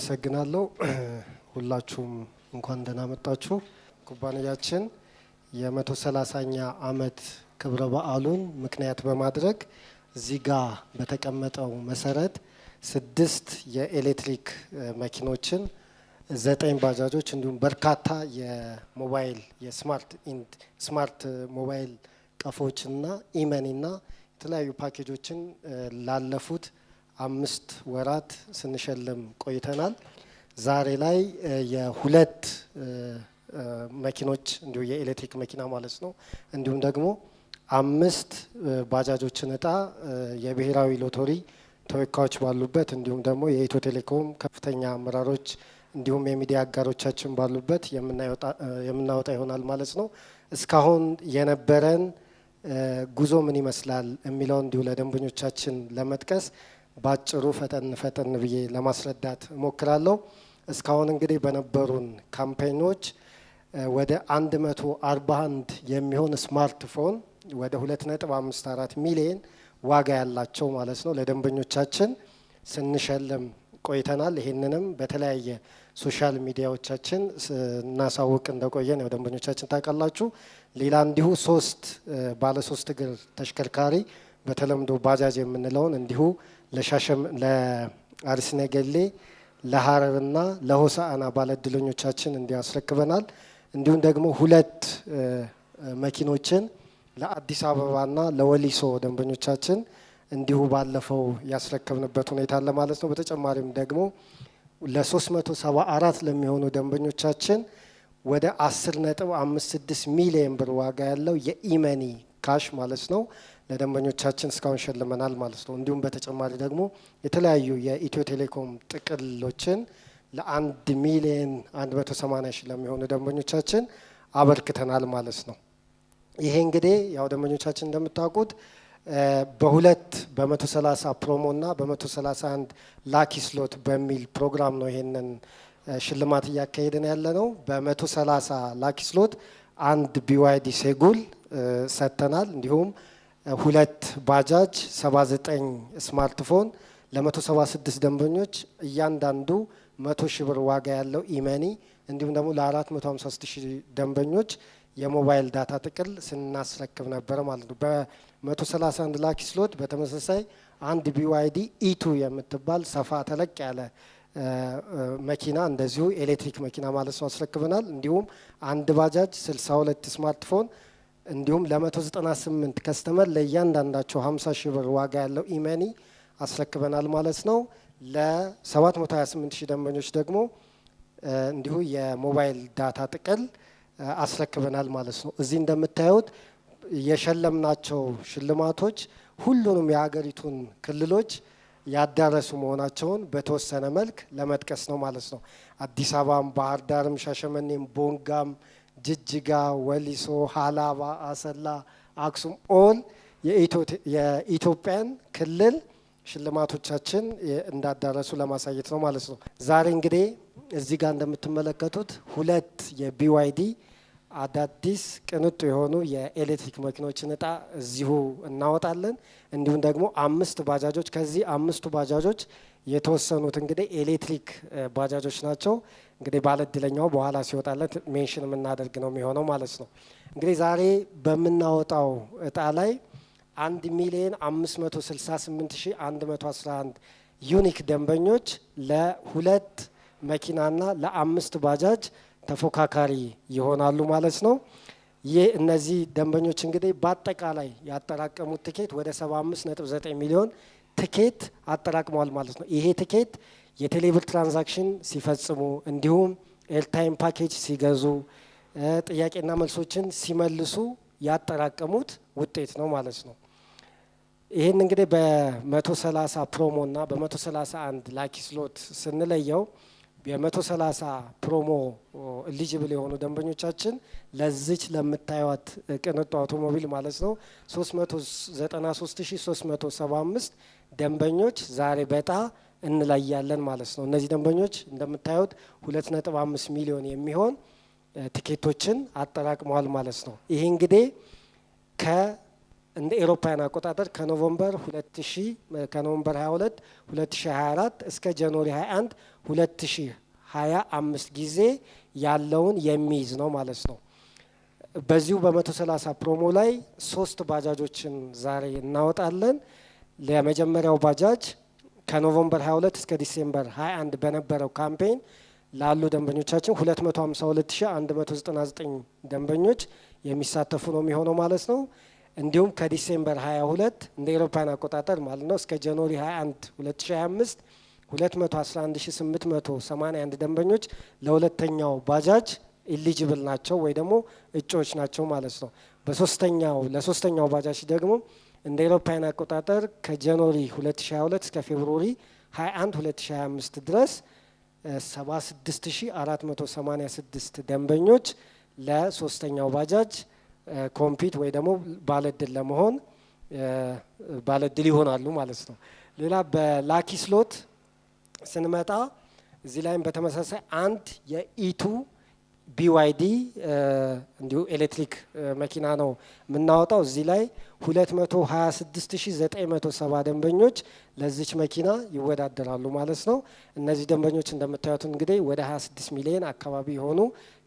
አመሰግናለሁ። ሁላችሁም እንኳን ደህና መጣችሁ። ኩባንያችን የመቶ ሰላሳኛ አመት ክብረ በዓሉን ምክንያት በማድረግ እዚህ ጋ በተቀመጠው መሰረት ስድስት የኤሌክትሪክ መኪኖችን፣ ዘጠኝ ባጃጆች እንዲሁም በርካታ የሞባይል የስማርት ስማርት ሞባይል ቀፎችና ኢመኒና የተለያዩ ፓኬጆችን ላለፉት አምስት ወራት ስንሸልም ቆይተናል። ዛሬ ላይ የሁለት መኪኖች እንዲሁ የኤሌክትሪክ መኪና ማለት ነው እንዲሁም ደግሞ አምስት ባጃጆችን እጣ የብሔራዊ ሎተሪ ተወካዮች ባሉበት እንዲሁም ደግሞ የኢትዮ ቴሌኮም ከፍተኛ አመራሮች እንዲሁም የሚዲያ አጋሮቻችን ባሉበት የምናወጣ ይሆናል ማለት ነው። እስካሁን የነበረን ጉዞ ምን ይመስላል የሚለው እንዲሁ ለደንበኞቻችን ለመጥቀስ ባጭሩ ፈጠን ፈጠን ብዬ ለማስረዳት እሞክራለሁ። እስካሁን እንግዲህ በነበሩን ካምፔኖች ወደ 141 የሚሆን ስማርትፎን ወደ 2.54 ሚሊየን ዋጋ ያላቸው ማለት ነው ለደንበኞቻችን ስንሸልም ቆይተናል። ይህንንም በተለያየ ሶሻል ሚዲያዎቻችን እናሳውቅ እንደቆየን ያው ደንበኞቻችን ታውቃላችሁ። ሌላ እንዲሁ ሶስት ባለሶስት እግር ተሽከርካሪ በተለምዶ ባጃጅ የምንለውን እንዲሁ ለአርሲነገሌ ለሀረርና ለሆሳአና ባለድለኞቻችን እንዲያስረክበናል። እንዲሁም ደግሞ ሁለት መኪኖችን ለአዲስ አበባና ለወሊሶ ደንበኞቻችን እንዲሁ ባለፈው ያስረከብንበት ሁኔታ አለ ማለት ነው። በተጨማሪም ደግሞ ለ374 ለሚሆኑ ደንበኞቻችን ወደ 10 ነጥብ 56 ሚሊየን ብር ዋጋ ያለው የኢመኒ ካሽ ማለት ነው ለደንበኞቻችን እስካሁን ሸልመናል ማለት ነው። እንዲሁም በተጨማሪ ደግሞ የተለያዩ የኢትዮ ቴሌኮም ጥቅሎችን ለአንድ ሚሊየን አንድ መቶ ሰማኒያ ሺ ለሚሆኑ ደንበኞቻችን አበርክተናል ማለት ነው። ይሄ እንግዲህ ያው ደንበኞቻችን እንደምታውቁት በሁለት በመቶ ሰላሳ ፕሮሞ እና በመቶ ሰላሳ አንድ ላኪ ስሎት በሚል ፕሮግራም ነው ይሄንን ሽልማት እያካሄድን ያለ ነው። በመቶ ሰላሳ ላኪ ስሎት አንድ ቢዋይዲ ሴጉል ሰጥተናል እንዲሁም ሁለት ባጃጅ 79 ስማርትፎን ለ176 ደንበኞች እያንዳንዱ 100 ሺህ ብር ዋጋ ያለው ኢመኒ እንዲሁም ደግሞ ለ456 ደንበኞች የሞባይል ዳታ ጥቅል ስናስረክብ ነበረ ማለት ነው። በ131 ላኪ ስሎት በተመሳሳይ አንድ ቢዋይዲ ኢቱ የምትባል ሰፋ ተለቅ ያለ መኪና እንደዚሁ ኤሌክትሪክ መኪና ማለት ነው አስረክበናል። እንዲሁም አንድ ባጃጅ 62 ስማርትፎን እንዲሁም ለ198 ከስተመር ለእያንዳንዳቸው 50 ሺህ ብር ዋጋ ያለው ኢመኒ አስረክበናል ማለት ነው። ለ728 ሺህ ደንበኞች ደግሞ እንዲሁ የሞባይል ዳታ ጥቅል አስረክበናል ማለት ነው። እዚህ እንደምታዩት የሸለምናቸው ሽልማቶች ሁሉንም የሀገሪቱን ክልሎች ያዳረሱ መሆናቸውን በተወሰነ መልክ ለመጥቀስ ነው ማለት ነው። አዲስ አበባም፣ ባህር ዳርም፣ ሻሸመኔም፣ ቦንጋም ጅጅጋ፣ ወሊሶ፣ ሀላባ፣ አሰላ፣ አክሱም ኦል የኢትዮጵያን ክልል ሽልማቶቻችን እንዳዳረሱ ለማሳየት ነው ማለት ነው። ዛሬ እንግዲህ እዚህ ጋር እንደምትመለከቱት ሁለት የቢዋይዲ አዳዲስ ቅንጡ የሆኑ የኤሌክትሪክ መኪኖችን እጣ እዚሁ እናወጣለን። እንዲሁም ደግሞ አምስት ባጃጆች ከዚህ አምስቱ ባጃጆች የተወሰኑት እንግዲህ ኤሌክትሪክ ባጃጆች ናቸው። እንግዲህ ባለእድለኛው በኋላ ሲወጣለት ሜንሽን የምናደርግ ነው የሚሆነው ማለት ነው። እንግዲህ ዛሬ በምናወጣው እጣ ላይ አንድ ሚሊየን አምስት መቶ ስልሳ ስምንት ሺ አንድ መቶ አስራ አንድ ዩኒክ ደንበኞች ለሁለት መኪናና ለአምስት ባጃጅ ተፎካካሪ ይሆናሉ ማለት ነው። ይህ እነዚህ ደንበኞች እንግዲህ በአጠቃላይ ያጠራቀሙት ትኬት ወደ 75.9 ሚሊዮን ትኬት አጠራቅመዋል ማለት ነው። ይሄ ትኬት የቴሌብር ትራንዛክሽን ሲፈጽሙ እንዲሁም ኤርታይም ፓኬጅ ሲገዙ ጥያቄና መልሶችን ሲመልሱ ያጠራቀሙት ውጤት ነው ማለት ነው። ይህን እንግዲህ በመቶ 30 ፕሮሞ እና በ131 ላኪ ስሎት ስንለየው የመቶ 30 ፕሮሞ ኤሊጅብል የሆኑ ደንበኞቻችን ለዚች ለምታዩት ቅንጡ አውቶሞቢል ማለት ነው 393375 ደንበኞች ዛሬ በጣ እንለያለን ማለት ነው። እነዚህ ደንበኞች እንደምታዩት ሁለት ነጥብ አምስት ሚሊዮን የሚሆን ቲኬቶችን አጠራቅመዋል ማለት ነው። ይህ እንግዲህ ከ እንደ ኤሮፓያን አቆጣጠር ከኖቨምበር 2000 ከኖቨምበር 22 2024 እስከ ጃንዋሪ 21 2025 ጊዜ ያለውን የሚይዝ ነው ማለት ነው። በዚሁ በ130 ፕሮሞ ላይ ሶስት ባጃጆችን ዛሬ እናወጣለን። ለመጀመሪያው ባጃጅ ከኖቨምበር 22 እስከ ዲሴምበር 21 በነበረው ካምፔን ላሉ ደንበኞቻችን 252199 ደንበኞች የሚሳተፉ ነው የሚሆነው ማለት ነው። እንዲሁም ከዲሴምበር 22 እንደ ኤሮፓን አቆጣጠር ማለት ነው እስከ ጃንዋሪ 21 2025 211881 ደንበኞች ለሁለተኛው ባጃጅ ኢሊጅብል ናቸው ወይ ደግሞ እጩዎች ናቸው ማለት ነው። በሶስተኛው ለሶስተኛው ባጃጅ ደግሞ እንደ ኤሮፓያን አቆጣጠር ከጃንዋሪ 2022 እስከ ፌብሩዋሪ 21 2025 ድረስ 76486 ደንበኞች ለሶስተኛው ባጃጅ ኮምፒት ወይ ደግሞ ባለድል ለመሆን ባለድል ይሆናሉ ማለት ነው። ሌላ በላኪ ስሎት ስንመጣ እዚህ ላይም በተመሳሳይ አንድ የኢቱ ቢዋይዲ እንዲሁ ኤሌክትሪክ መኪና ነው የምናወጣው። እዚህ ላይ 226970 ደንበኞች ለዚች መኪና ይወዳደራሉ ማለት ነው። እነዚህ ደንበኞች እንደምታዩት እንግዲህ ወደ 26 ሚሊዮን አካባቢ የሆኑ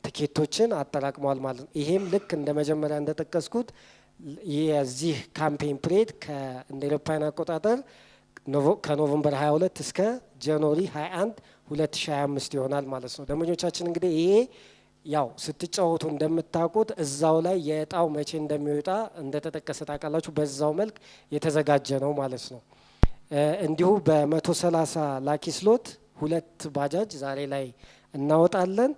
ትኬቶችን አጠራቅመዋል ማለት ነው። ይሄም ልክ እንደ መጀመሪያ እንደጠቀስኩት የዚህ ካምፔን ፕሬድ እንደ ኤሮፓውያን አቆጣጠር ከኖቨምበር 22 እስከ ጃንዋሪ 21 2025 ይሆናል ማለት ነው። ደንበኞቻችን እንግዲህ ይሄ ያው ስትጫወቱ እንደምታውቁት እዛው ላይ የእጣው መቼ እንደሚወጣ እንደተጠቀሰ ታውቃላችሁ። በዛው መልክ የተዘጋጀ ነው ማለት ነው። እንዲሁ በመቶ ሰላሳ ላኪ ስሎት ሁለት ባጃጅ ዛሬ ላይ እናወጣለን።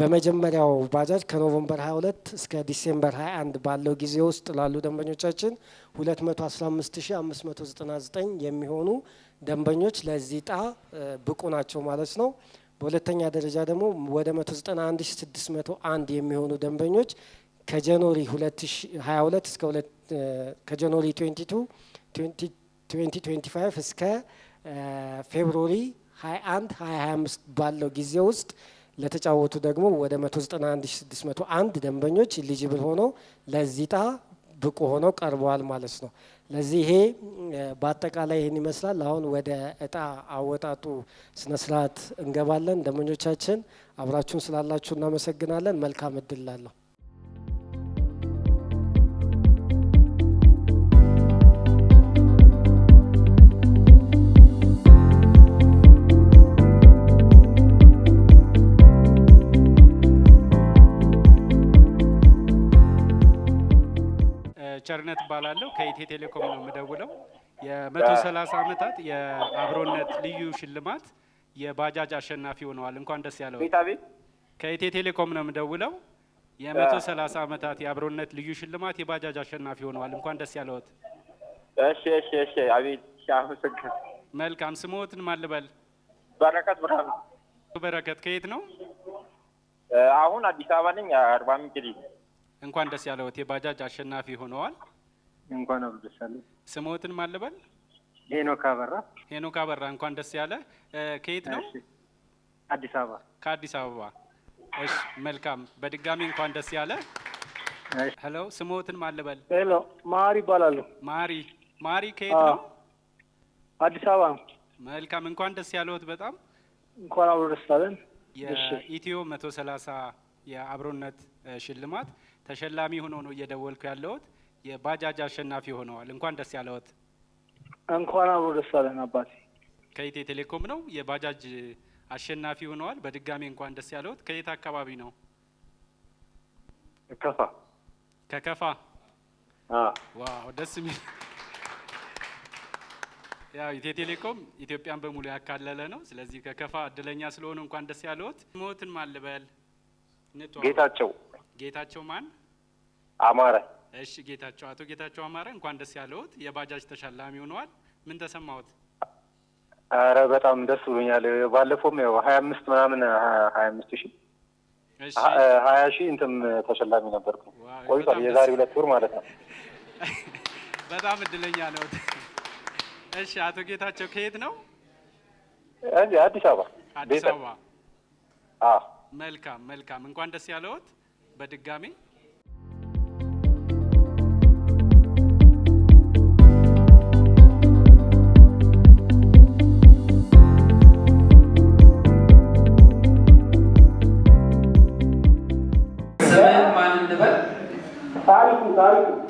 በመጀመሪያው ባጃጅ ከኖቨምበር 22 እስከ ዲሴምበር 21 ባለው ጊዜ ውስጥ ላሉ ደንበኞቻችን 215599 የሚሆኑ ደንበኞች ለዚህ እጣ ብቁ ናቸው ማለት ነው። በሁለተኛ ደረጃ ደግሞ ወደ 191601 የሚሆኑ ደንበኞች ከጃንዋሪ 2022 እስከ ከጃንዋሪ 22 2025 እስከ ፌብሩዋሪ 21 2025 ባለው ጊዜ ውስጥ ለተጫወቱ ደግሞ ወደ 191601 ደንበኞች ኢሊጅብል ሆነው ለዚጣ ብቁ ሆነው ቀርበዋል ማለት ነው። ለዚህ ይሄ በአጠቃላይ ይህን ይመስላል። አሁን ወደ እጣ አወጣጡ ስነ ስርዓት እንገባለን። ደንበኞቻችን አብራችሁን ስላላችሁ እናመሰግናለን። መልካም እድል ላለሁ ቸርነት እባላለሁ። ከኢትዮ ቴሌኮም ነው የምደውለው። የመቶ ሰላሳ ዓመታት የአብሮነት ልዩ ሽልማት የባጃጅ አሸናፊ ሆነዋል። እንኳን ደስ ያለው። ከኢትዮ ቴሌኮም ነው የምደውለው። የመቶ ሰላሳ ዓመታት የአብሮነት ልዩ ሽልማት የባጃጅ አሸናፊ ሆነዋል። እንኳን ደስ ያለዎት። እሺ፣ እሺ፣ እሺ። አቤት። መልካም። ስሞትን ማን ልበል? በረከት ብርሃኑ። በረከት ከየት ነው? አሁን አዲስ አበባ ነኝ። አርባ ምንጭ እንኳን ደስ ያለዎት። የባጃጅ አሸናፊ ሆነዋል። እንኳን አብሮ ደስ ያለ። ስምዎትን ማን ልበል? ሄኖክ አበራ። ሄኖክ አበራ፣ እንኳን ደስ ያለ። ከየት ነው? አዲስ አበባ። ከአዲስ አበባ። እሺ፣ መልካም። በድጋሚ እንኳን ደስ ያለ። ሄሎ፣ ስምዎትን ማን ልበል? ሄሎ፣ ማሪ ይባላሉ። ማሪ፣ ማሪ፣ ከየት ነው? አዲስ አበባ ነው። መልካም፣ እንኳን ደስ ያለ ሄሎ ስሞትን ማን ልበል ሄሎ ማሪ ይባላሉ ማሪ ማሪ ከየት ነው አዲስ አበባ ነው መልካም እንኳን ደስ ያለዎት በጣም እንኳን አብሮ ደስ ያለን። የኢትዮ መቶ ሰላሳ የአብሮነት ሽልማት ተሸላሚ ሆኖ ነው እየደወልኩ ያለሁት። የባጃጅ አሸናፊ ሆነዋል። እንኳን ደስ ያለዎት። እንኳን አብሮ ደስ አለን አባቴ። ከኢቴ ቴሌኮም ነው። የባጃጅ አሸናፊ ሆነዋል። በድጋሚ እንኳን ደስ ያለዎት። ከየት አካባቢ ነው? ከከፋ። ከከፋ። ዋው ደስ የሚል ያው ኢትዮ ቴሌኮም ኢትዮጵያን በሙሉ ያካለለ ነው። ስለዚህ ከከፋ እድለኛ ስለሆነ እንኳን ደስ ያለዎት። ሞትን ማልበል ጌታቸው ጌታቸው ማን አማረ? እሺ ጌታቸው፣ አቶ ጌታቸው አማረ እንኳን ደስ ያለውት የባጃጅ ተሸላሚ ሆነዋል። ምን ተሰማውት አረ በጣም ደስ ብሎኛል። ባለፈውም ያው ሀያ አምስት ምናምን ሀያ አምስት ሺ ሀያ ሺ እንትም ተሸላሚ ነበርኩ። ቆይቷል፣ የዛሬ ሁለት ወር ማለት ነው። በጣም እድለኛ ነው። እሺ አቶ ጌታቸው ከየት ነው? አዲስ አበባ። አዲስ አበባ። መልካም መልካም። እንኳን ደስ ያለውት በድጋሚ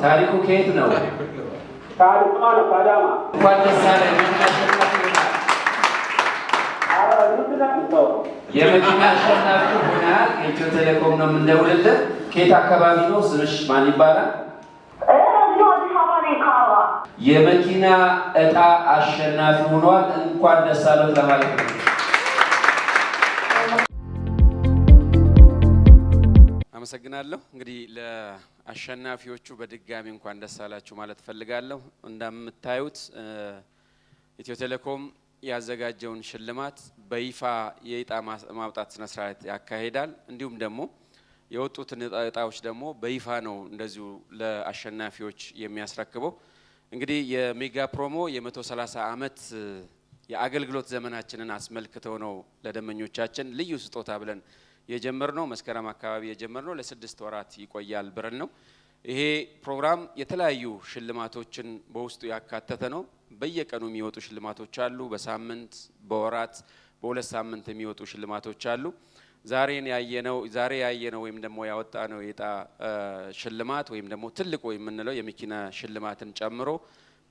ታሪኩ ከየት ነው? ታሪኩ አዳማ። እንኳን ደስ አለ። የመኪና አሸናፊ ሆና ኢትዮ ቴሌኮም ነው የምንደውልለት። ከየት አካባቢ ነው? ስምሽ ማን ይባላል? የመኪና እጣ አሸናፊ ሆኗል። እንኳን ደስ አለዎት ለማለት ነው። አመሰግናለሁ። እንግዲህ ለአሸናፊዎቹ በድጋሚ እንኳን ደስ አላችሁ ማለት ፈልጋለሁ። እንደምታዩት ኢትዮ ቴሌኮም ያዘጋጀውን ሽልማት በይፋ የእጣ ማውጣት ስነስርዓት ያካሂዳል። እንዲሁም ደግሞ የወጡትን እጣዎች ደግሞ በይፋ ነው እንደዚሁ ለአሸናፊዎች የሚያስረክበው። እንግዲህ የሜጋ ፕሮሞ የ130 ዓመት የአገልግሎት ዘመናችንን አስመልክተው ነው ለደንበኞቻችን ልዩ ስጦታ ብለን ነው መስከረም አካባቢ ነው ለስድስት ወራት ይቆያል ብረን ነው። ይሄ ፕሮግራም የተለያዩ ሽልማቶችን በውስጡ ያካተተ ነው። በየቀኑ የሚወጡ ሽልማቶች አሉ። በሳምንት በወራት በሁለት ሳምንት የሚወጡ ሽልማቶች አሉ። ዛሬን ያየነው ዛሬ ያየነው ወይም ደግሞ ያወጣ ነው የጣ ሽልማት ወይም ደግሞ ትልቁ የምንለው የመኪና ሽልማትን ጨምሮ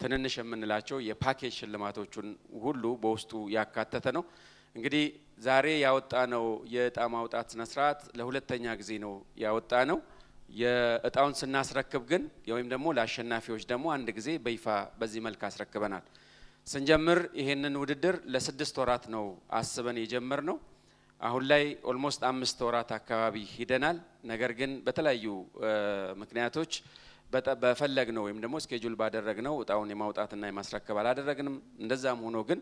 ትንንሽ የምንላቸው የፓኬጅ ሽልማቶቹን ሁሉ በውስጡ ያካተተ ነው። እንግዲህ ዛሬ ያወጣ ነው የእጣ ማውጣት ስነስርዓት ለሁለተኛ ጊዜ ነው ያወጣ ነው። የእጣውን ስናስረክብ ግን ወይም ደግሞ ለአሸናፊዎች ደግሞ አንድ ጊዜ በይፋ በዚህ መልክ አስረክበናል። ስንጀምር ይሄንን ውድድር ለስድስት ወራት ነው አስበን የጀመር ነው። አሁን ላይ ኦልሞስት አምስት ወራት አካባቢ ሂደናል። ነገር ግን በተለያዩ ምክንያቶች በፈለግ ነው ወይም ደግሞ ስኬጁል ባደረግ ነው እጣውን የማውጣትና የማስረከብ አላደረግንም። እንደዛም ሆኖ ግን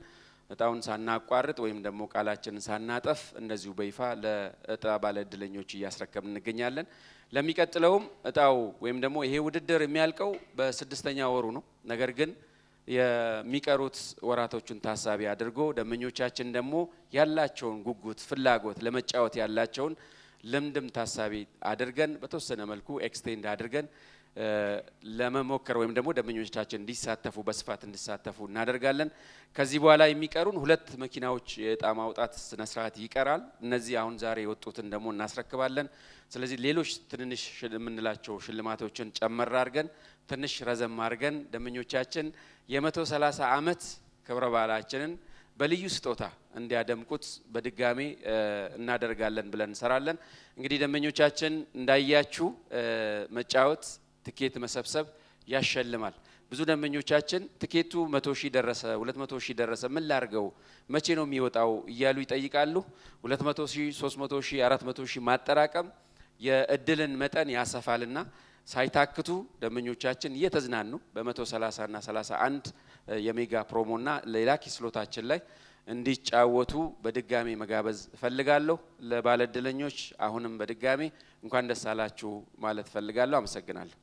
እጣውን ሳናቋርጥ ወይም ደግሞ ቃላችንን ሳናጠፍ እንደዚሁ በይፋ ለእጣ ባለ እድለኞች እያስረከብ እንገኛለን። ለሚቀጥለውም እጣው ወይም ደግሞ ይሄ ውድድር የሚያልቀው በስድስተኛ ወሩ ነው። ነገር ግን የሚቀሩት ወራቶቹን ታሳቢ አድርጎ ደመኞቻችን ደግሞ ያላቸውን ጉጉት፣ ፍላጎት ለመጫወት ያላቸውን ልምድም ታሳቢ አድርገን በተወሰነ መልኩ ኤክስቴንድ አድርገን ለመሞከር ወይም ደግሞ ደንበኞቻችን እንዲሳተፉ በስፋት እንዲሳተፉ እናደርጋለን። ከዚህ በኋላ የሚቀሩን ሁለት መኪናዎች የእጣ ማውጣት ስነስርዓት ይቀራል። እነዚህ አሁን ዛሬ የወጡትን ደግሞ እናስረክባለን። ስለዚህ ሌሎች ትንንሽ የምንላቸው ሽልማቶችን ጨመር አድርገን ትንሽ ረዘም አድርገን ደንበኞቻችን የመቶ ሰላሳ ዓመት ክብረ በዓላችንን በልዩ ስጦታ እንዲያደምቁት በድጋሜ እናደርጋለን ብለን እንሰራለን። እንግዲህ ደንበኞቻችን እንዳያችሁ መጫወት ትኬት መሰብሰብ ያሸልማል። ብዙ ደንበኞቻችን ትኬቱ መቶ ሺህ ደረሰ፣ ሁለት መቶ ሺህ ደረሰ፣ ምን ላርገው፣ መቼ ነው የሚወጣው እያሉ ይጠይቃሉ። ሁለት መቶ ሺህ፣ ሶስት መቶ ሺህ፣ አራት መቶ ሺህ ማጠራቀም የእድልን መጠን ያሰፋልና ሳይታክቱ ደንበኞቻችን እየተዝናኑ በመቶ 130 እና 31 የሜጋ ፕሮሞና ሌላ ኪስሎታችን ላይ እንዲጫወቱ በድጋሚ መጋበዝ እፈልጋለሁ። እድለኞች አሁንም በድጋሚ እንኳን ደስ አላችሁ ማለት እፈልጋለሁ። አመሰግናለሁ።